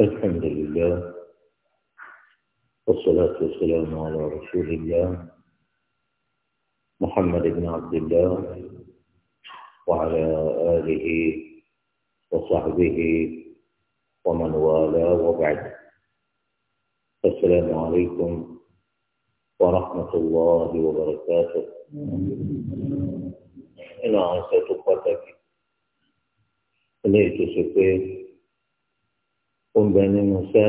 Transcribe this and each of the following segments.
الحمد لله والصلاة والسلام على رسول الله محمد بن عبد الله وعلى آله وصحبه ومن والاه وبعد السلام عليكم ورحمة الله وبركاته إلى أن ستقطك إليه تسكيه ó ń bẹ nínú iṣẹ́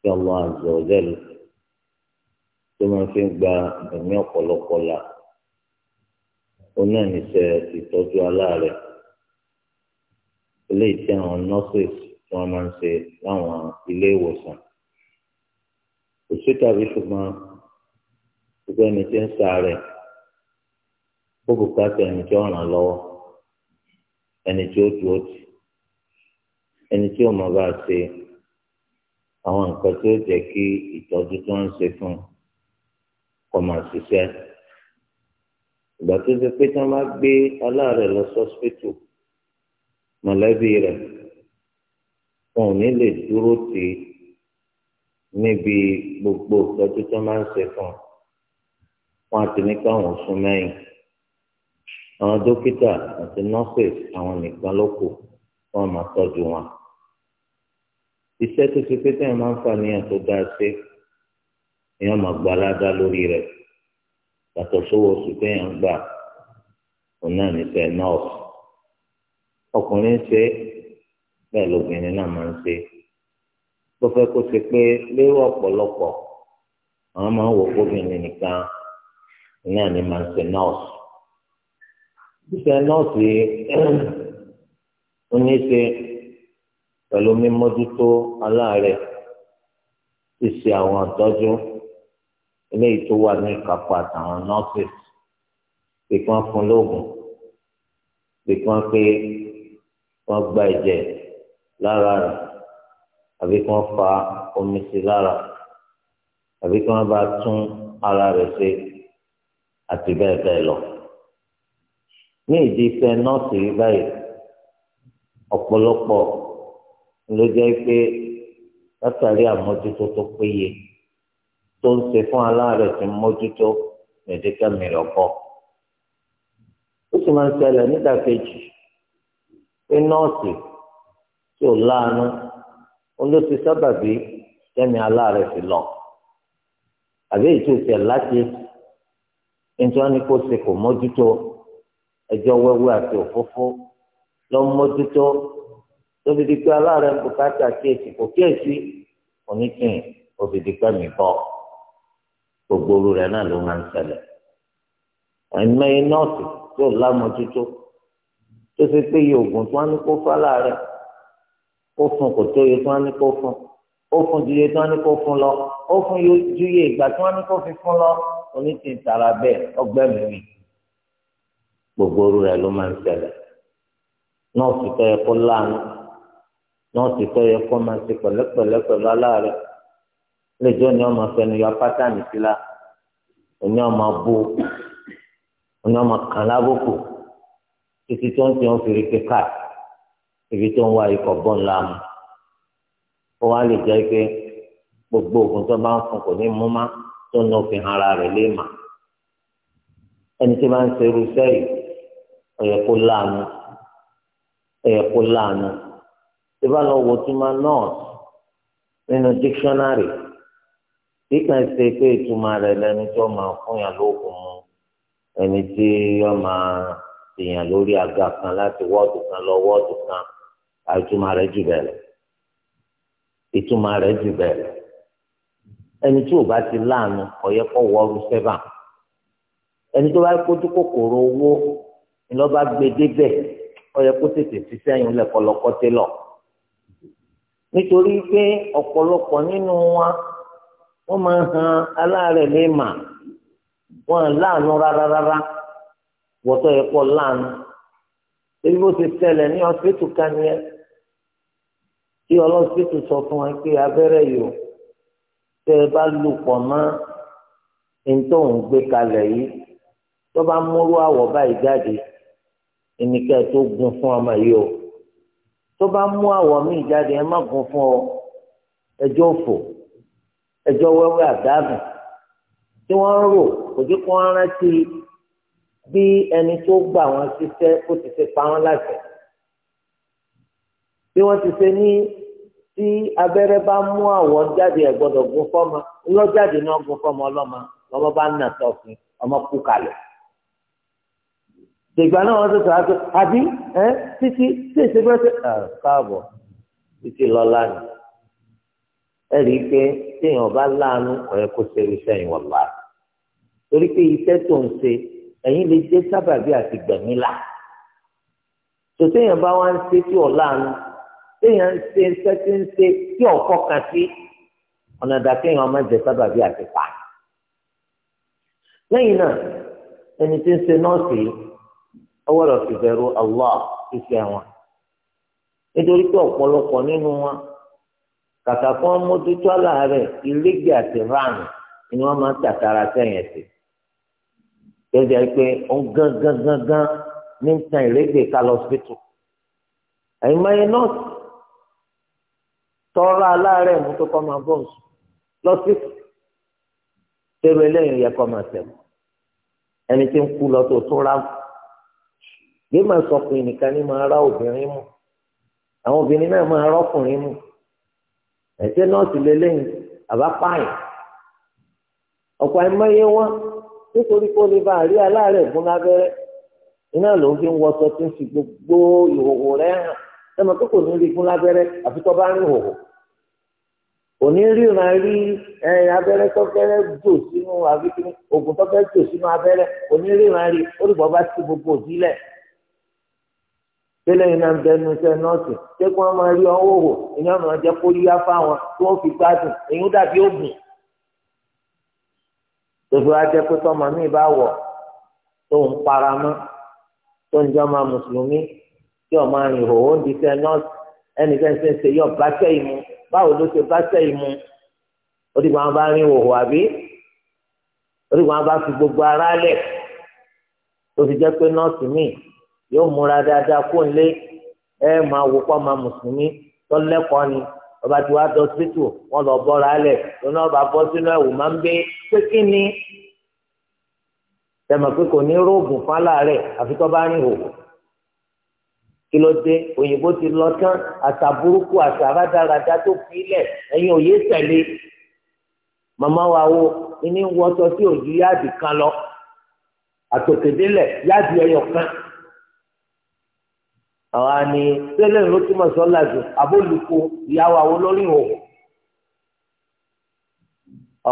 tí Allah azza wa jalla tó máa fi ń gba ẹ̀mí ọ̀pọ̀lọpọ̀ là ó náà níṣẹ́ ìtọ́jú aláàrẹ̀ eléyìí tí àwọn nurses tí wọ́n máa ń ṣe láwọn ilé ìwòsàn kò tàbí ṣùgbọ́n gbogbo ẹni tí ń ṣàárẹ̀ ó bùkátà ẹni tí ó ràn lọ́wọ́ ẹni tí ó dúró tì í ẹni tí ọmọ bá ṣe àwọn nǹkan tí ó jẹ́ kí ìtọ́jú tó ń ṣe fún kó máa ṣiṣẹ́ ìgbà tó ṣe pé tí wọ́n bá gbé aláàárẹ̀ lọ sọ́sítù mọ̀lẹ́bí rẹ̀ wọn ò ní lè dúró tì í níbi gbogbo ìtọ́jú tó máa ń ṣe fún wọn àti ní káwọn sún mẹ́yìn àwọn dókítà àti nọ́ọ̀sì àwọn nìkan ló kù wọn máa tọ́jú wọn iṣẹ́ tó ṣe pé téèyàn máa ń fà níyàn tó dáa ṣe èèyàn máa gba aládá lórí rẹ̀ yàtọ̀ sówó oṣù téèyàn ń gbà òun náà níṣẹ́ nọ́ọ̀sì ọkùnrin ń ṣe bẹ́ẹ̀ lóbìnrin náà máa ń ṣe tó fẹ́ kó ṣe pé lérò ọ̀pọ̀lọpọ̀ àwọn máa ń wò kóbìnrin nìkan náà ni máa ń ṣe nọ́ọ̀sì iṣẹ́ nọ́ọ̀sì ó ní ṣe pẹ̀lú mímójútó aláàárẹ̀ ṣíṣe àwọn àtọ́jú eléyìí tó wà ní ìkápá àtàwọn nọ́ọ̀sì pé kí wọ́n fún lóògùn pé kí wọ́n pé wọ́n gba ẹ̀jẹ̀ lára rẹ̀ àbí kí wọ́n fa omi sí lára àbí kí wọ́n bá tún ara rẹ̀ ṣe àti bẹ́ẹ̀ bẹ́ẹ̀ lọ. ní ìdí iṣẹ́ nọ́ọ̀sì rí báyìí ọ̀pọ̀lọpọ̀ ló jẹ́ pé látàrí àmójútó tó péye tó ń ṣe fún aláàrẹ̀ tí mójútó mẹ̀díkà mìíràn kọ́. ó sì máa ń ṣẹlẹ̀ nídàkejì pé nọ́ọ̀sì tí ò láàánú ó ló ti sábàbí sẹ́ni aláàrẹ̀ fi lọ. àbí èyí tó ṣẹ̀ láti nítorí ní kó ṣe kò mójútó ẹjọ́ wẹ́wẹ́ àti òfófó ló ń mójútó tóbi di pé aláàárẹ̀ ń bùkátà kíyèsí kò kíyèsí oníkìyìn òbí di pé mi bọ́ gbogbo oru rẹ̀ náà ló máa ń ṣẹlẹ̀ ẹ̀mẹ́yìn nọ́ọ̀sì tó lámọ́tótó tó ṣe pé iye oògùn tí wọ́n ní kó fá láàárẹ̀ ó fún kò tó iye tí wọ́n ní kó fún ó fún ju iye tí wọ́n ní kó fún lọ ó fún ju iye ìgbà tí wọ́n ní kó fi fún lọ oníkìyìn tara bẹ́ẹ̀ ọgbẹ́ mi mi gbogbo oru rẹ̀ ló máa ń ṣẹlẹ̀ nọ́ọ̀sì tó yẹ kó láàánú nọ́ọ̀sì tó yẹ kó máa ṣe pẹ̀lẹ́pẹ̀lẹ́ pẹ̀lú aláàárẹ̀ lẹ́jọ́ ni wọ́n máa fẹnu ya pátánì sí la òní ọmọ bó òní ọmọ kàn lábòkù títí tó ń tẹ wọn fèrè pé káà ibi tó ń wá ikọ̀ bọ́ ńlá mu ó wá lè jẹ́ pé gbogbo oògùn tó bá ń fún kò ní mú má tó ń fi hàn ara rẹ̀ lé mà ẹni tí bá ń ṣe irú sẹ́yìn ó láàánú ó láàánú tí bá lọ wò túmọ̀ nínú dictionary bí kan ṣe pé ìtumọ̀ rẹ̀ lẹni tó máa fún yàn lóògùn mu ẹni tí yóò máa tèèyàn lórí àga kan láti wọ́ọ̀dù kan lọ wọ́ọ̀dù kan àìtumọ̀ rẹ̀ jù bẹ́ẹ̀ lọ ìtumọ̀ rẹ̀ jù bẹ́ẹ̀ ẹni tí ò bá ti láàánú ọ̀yẹ́ kọ́ wọ́ọ̀rù sẹ́fà ẹni tó bá kójú kòkòrò owó ni lọ́ba gbé débẹ̀ ọ̀yẹ́ kó tètè fi sẹ́yìn lẹ́kọ̀ọ́lọ́kọ́ tẹ́lọ̀ nítorí pé ọ̀pọ̀lọpọ̀ nínú wa wọ́n máa han aláàárẹ̀ lè mà wọ́n láàánú rárá rárá wọ́tọ̀ yẹ pọ̀ láàánú ebi bó ti ṣẹlẹ̀ ní ọsibítù kaniẹ tí ọlọ́sibítù sọ fún wa pé abẹ́rẹ́ yìí o tẹ́ ẹ bá lù pọ̀ mọ́ ntọ́ ń gbé kalẹ̀ yìí tó bá múrú àwọ̀ báyìí jáde ẹnìkẹ́ tó gun fún ọmọ yìí o tó bá mú àwọ̀ míì jáde ẹ má gun fún ọ ẹjọ́ òfò ẹjọ́ wẹ́wẹ́ àdáàbò tí wọ́n ń rò kò jẹ́ kó wọ́n rántí bí ẹni tó gbà wọ́n ṣiṣẹ́ ó ti ṣe pa wọ́n láṣẹ. bí wọ́n ti ṣe ní tí abẹ́rẹ́ bá mú àwọ̀ jáde ẹ̀ gbọ́dọ̀ gun fọ́mọ ńlọ jáde náà gun fọ́mọ ọlọ́mọ lọ́mọ bá nà tọ́ fún ọmọ kú kalẹ̀ dègbà náà wọ́n tètè àgbẹ̀ àbí ẹ́ títí tí èsì bẹ́ẹ̀ tẹ káàbọ̀ títí lọ́la ni ẹ rí i pé téèyàn bá láàánú ọ̀rẹ́ kó ṣe iṣẹ́ yìí wọ̀lá torí pé iṣẹ́ tó ń ṣe ẹ̀yin lè jẹ́ sábàbí àti gbẹ̀mílà tó téèyàn bá wá ń ṣe tí ò láàánú téèyàn ń ṣe iṣẹ́ tí ń ṣe tí ò fọkàn sí ọ̀nà ìdá téèyàn máa jẹ sábàbí àti pa lẹ́yìn náà ẹni tí ń ṣe nọ́ọ̀sì yìí ọwọ́dọ̀ sì bẹ̀rù Allah ṣiṣẹ́ wọn nítorí pé ọ̀pọ̀lọpọ̀ nínú wọn kàkà kan mójútó aláàárẹ̀ ilégbè àti ránù ni wọ́n máa ń tàkàrà sẹ́yìn ẹ̀sìn tẹ́jà pé ó ń gán gán gán gán ní tan ilégbè ká lọ síbítù àyìnbáyé nọ́ọ̀sì tọ́ra aláàárẹ̀ mú tó kọ́ máa bọ̀ sùn lọ síbítù tẹ́rù eléyìí yẹ kọ́ máa tẹ̀ ẹni tí ń kú lọ tó tó ráàbù. kí máa sọ pé nìkan ni máa rá obìnrin mu àwọn obìnrin náà máa rọ́kùnrin mu ẹ̀jẹ̀ nọ́ọ̀sì lélẹ́yìn àbápáyìn ọ̀pọ̀ ẹ̀mọ́yé wọn nítorí kó lè bá àrí aláàárẹ̀ gún lábẹ́rẹ́ iná ló ń fi ń wọṣọ tí ń gbogbo ìhòhò rẹ̀ hàn sẹ́mi pé kò ní rí gún lábẹ́rẹ́ àfi tó bá ń jò sínú tẹ́lẹ̀ iná ń bẹnu iṣẹ́ nọ́ọ̀sì ṣé kí wọ́n máa rí ọwọ́ wò iná máa jẹ́ kóríyá fáwọn tí fi gbádùn èyí dàbí ògùn. tòfin wa jẹ́ pé tọ́mọ mi bá wọ̀ tó ń para mọ́ tó ń jọ́mọ mùsùlùmí tí ọmọ rìn hòhó ń di iṣẹ́ nọ́ọ̀sì ẹnìkan ṣe ń ṣe yọ báṣẹ́ ìmú báwo ló ṣe báṣẹ́ ìmú ó dìgbà wọn bá rìn hòhó àbí ó dìgbà wọn bá fi gbogbo ara lẹ̀ tó fi jẹ́ pé nọ́ọ̀sì míì yóò múra dáadáa kó ń lé ẹ máa wò kọ́ máa mùsùlùmí tọ́lẹ́kọ́ ni ọba tí wàá dọ̀ sípítù wọn lọ bọ́ra alẹ̀ lọ́nà ọba bọ́ sínú ẹ̀wù máa ń gbé pé kí ni tẹmọ̀ pé kò ní róògùn fún aláàárẹ̀ àfi tó bá rìn òwò kí ló dé òyìnbó ti lọ tán àṣà burúkú àṣà rádaràda tó fi lẹ̀ ẹ̀yin òye tẹ̀lé màmá wa wo ní wọ́sọ sí òjú yáàdì kan lọ àtòkèdélẹ̀ yáàdì ẹyọ kan àwa ni tẹ́lẹ̀ ló túmọ̀ sọ́lá jù abólùkọ ìyàwó àwọn olórí òwò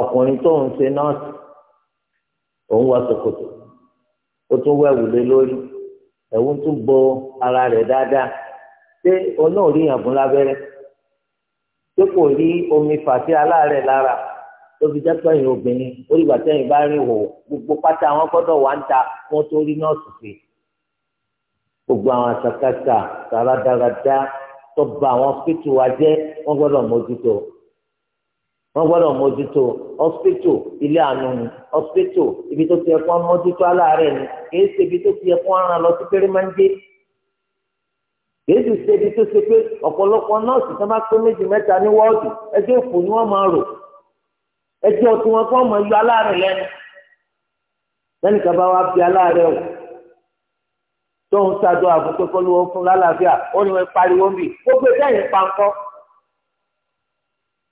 ọkùnrin tó ń ṣe nọ́ọ̀sì òun wọ ṣòkòtò ó tún wọ ẹ̀wù lé lórí ẹ̀wù tún bo ara rẹ̀ dáadáa ṣé oná ò rí yàgùn lábẹ́rẹ́ ṣé kò rí omi fàṣẹ aláàárẹ̀ lára tó fi jẹ́ pẹ́yìn obìnrin ó rí bàtẹ́yìn bá rí òwò gbogbo pátá wọn gbọ́dọ̀ wà ń ta wọn tó rí nọ́ọ̀sì fèé gbogbo àwọn àtàkàtà tàràdàràdà tó ba àwọn hospital wa jẹ́ wọ́n gbọ́dọ̀ mójútó wọ́n gbọ́dọ̀ mójútó hospital ilé àánú ni hospital ibi tó ti yẹ kó mójútó aláàárẹ̀ ni kìí ṣe ibi tó ti yẹ kó aràn lọ sí péré máa ń dé kìí sì ṣe ibi tó ṣe pé ọ̀pọ̀lọpọ̀ nọ́ọ̀sì tó bá pé méjì mẹ́ta ní wọ́ọ̀dù ẹjọ́ òfò ni wọ́n máa rò ẹjọ́ tí wọ́n kọ́ máa yọ aláàárẹ̀ lẹ́nu lẹ́nu kan bá wá fi aláàárẹ̀ o tó ń ṣàdó àbúkọ́ kọ́ ló fún lálàáfíà ó ní wọn pariwo ń bì gbogbo ẹ̀dá yẹn pankọ́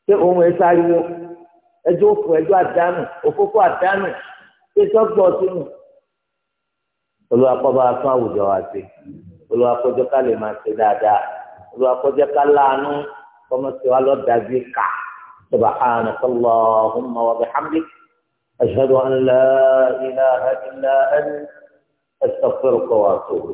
ṣé òun ẹ̀ sáriwo ẹjọ́ òfò ẹjọ́ àdánù òfófó àdánù ṣé sọ́gbọ̀ sínú. olúwa kó bá tún àwùjọ wa ṣe olúwa kó ká lè máa ṣe dáadáa olúwa kó ká láàánú kọ́mọ́sí wa lọ́ọ́ dàbí kà سبحانك اللهم وبحمدك أشهد أن لا إله إلا أنت astaghfiruka wa atubu